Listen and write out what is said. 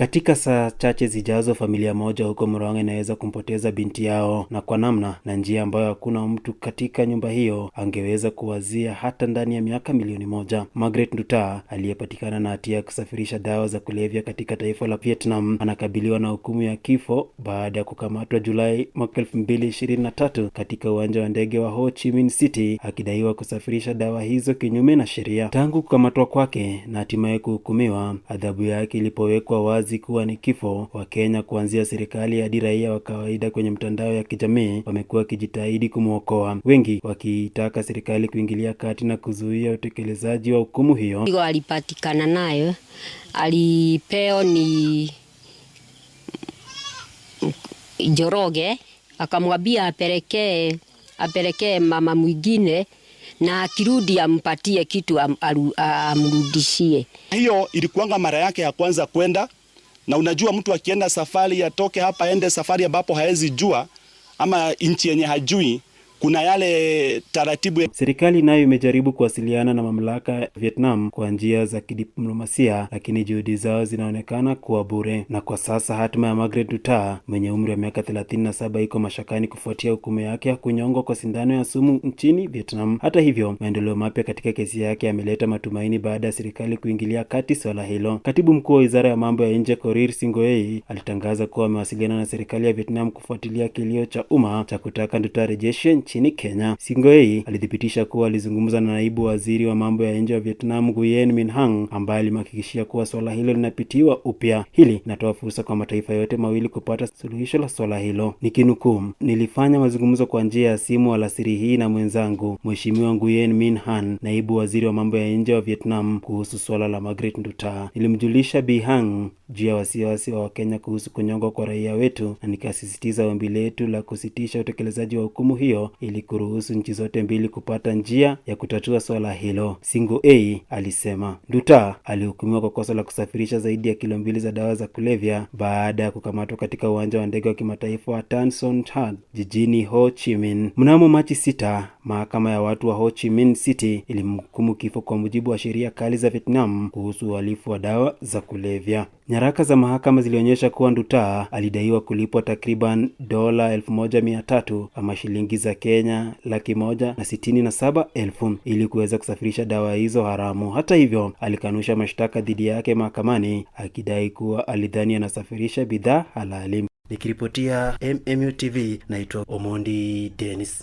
Katika saa chache zijazo, familia moja huko Murang'a inaweza kumpoteza binti yao, na kwa namna na njia ambayo hakuna mtu katika nyumba hiyo angeweza kuwazia hata ndani ya miaka milioni moja. Margaret Nduta aliyepatikana na hatia ya kusafirisha dawa za kulevya katika taifa la Vietnam anakabiliwa na hukumu ya kifo baada ya kukamatwa Julai mwaka tatu katika uwanja wa ndege wa Ho Chi Minh City akidaiwa kusafirisha dawa hizo kinyume na sheria. Tangu kukamatwa kwake na hatimaye kuhukumiwa, adhabu yake ilipowekwa wazi wazi kuwa ni kifo. Wakenya kuanzia serikali hadi raia wa kawaida kwenye mtandao ya kijamii wamekuwa wakijitahidi kumwokoa, wengi wakiitaka serikali kuingilia kati na kuzuia utekelezaji wa hukumu hiyo. Hiyo alipatikana nayo alipeo ni Njoroge akamwambia apelekee apelekee mama mwingine na akirudi ampatie kitu amrudishie. Hiyo ilikuanga mara yake ya kwanza kwenda na unajua mtu akienda safari, atoke hapa aende safari ambapo hawezi jua ama nchi yenye hajui kuna yale taratibu. Serikali nayo imejaribu kuwasiliana na mamlaka ya Vietnam kwa njia za kidiplomasia, lakini juhudi zao zinaonekana kuwa bure. Na kwa sasa hatima ya Margaret Duta mwenye umri wa miaka 37 iko mashakani kufuatia hukumu yake ya kunyongwa kwa sindano ya sumu nchini Vietnam. Hata hivyo, maendeleo mapya katika kesi yake yameleta matumaini baada ya serikali kuingilia kati swala hilo. Katibu mkuu wa wizara ya mambo ya nje Korir Singoei alitangaza kuwa amewasiliana na serikali ya Vietnam kufuatilia kilio cha umma cha kutaka Duta arejeshe nchini Kenya. Sing'oei alithibitisha kuwa alizungumza na naibu waziri wa mambo ya nje wa Vietnam Nguyen Minh Hang, ambaye alimhakikishia kuwa swala hilo linapitiwa upya. Hili linatoa fursa kwa mataifa yote mawili kupata suluhisho la swala hilo. Nikinukuu, nilifanya mazungumzo kwa njia ya simu alasiri hii na mwenzangu Mheshimiwa Nguyen Minh Han, naibu waziri wa mambo ya nje wa Vietnam, kuhusu swala la Margaret Nduta. Nilimjulisha Bi Hang juu ya wasiwasi wa Wakenya kuhusu kunyongwa kwa raia wetu na nikasisitiza ombi letu la kusitisha utekelezaji wa hukumu hiyo ili kuruhusu nchi zote mbili kupata njia ya kutatua swala hilo. Singo A alisema Nduta alihukumiwa kwa kosa la kusafirisha zaidi ya kilo mbili za dawa za kulevya baada ya kukamatwa katika uwanja wa ndege wa kimataifa wa Tan Son Nhat jijini Ho Chi Minh mnamo Machi sita mahakama ya watu wa Ho Chi Minh City ilimhukumu kifo kwa mujibu wa sheria kali za Vietnam kuhusu uhalifu wa dawa za kulevya. Nyaraka za mahakama zilionyesha kuwa Nduta alidaiwa kulipwa takriban dola tatu ama shilingi za Kenya laki moja na sitini na saba elfu ili kuweza kusafirisha dawa hizo haramu. Hata hivyo, alikanusha mashtaka dhidi yake mahakamani akidai kuwa alidhani anasafirisha bidhaa halali. Nikiripotia MMU TV naitwa Omondi Dennis.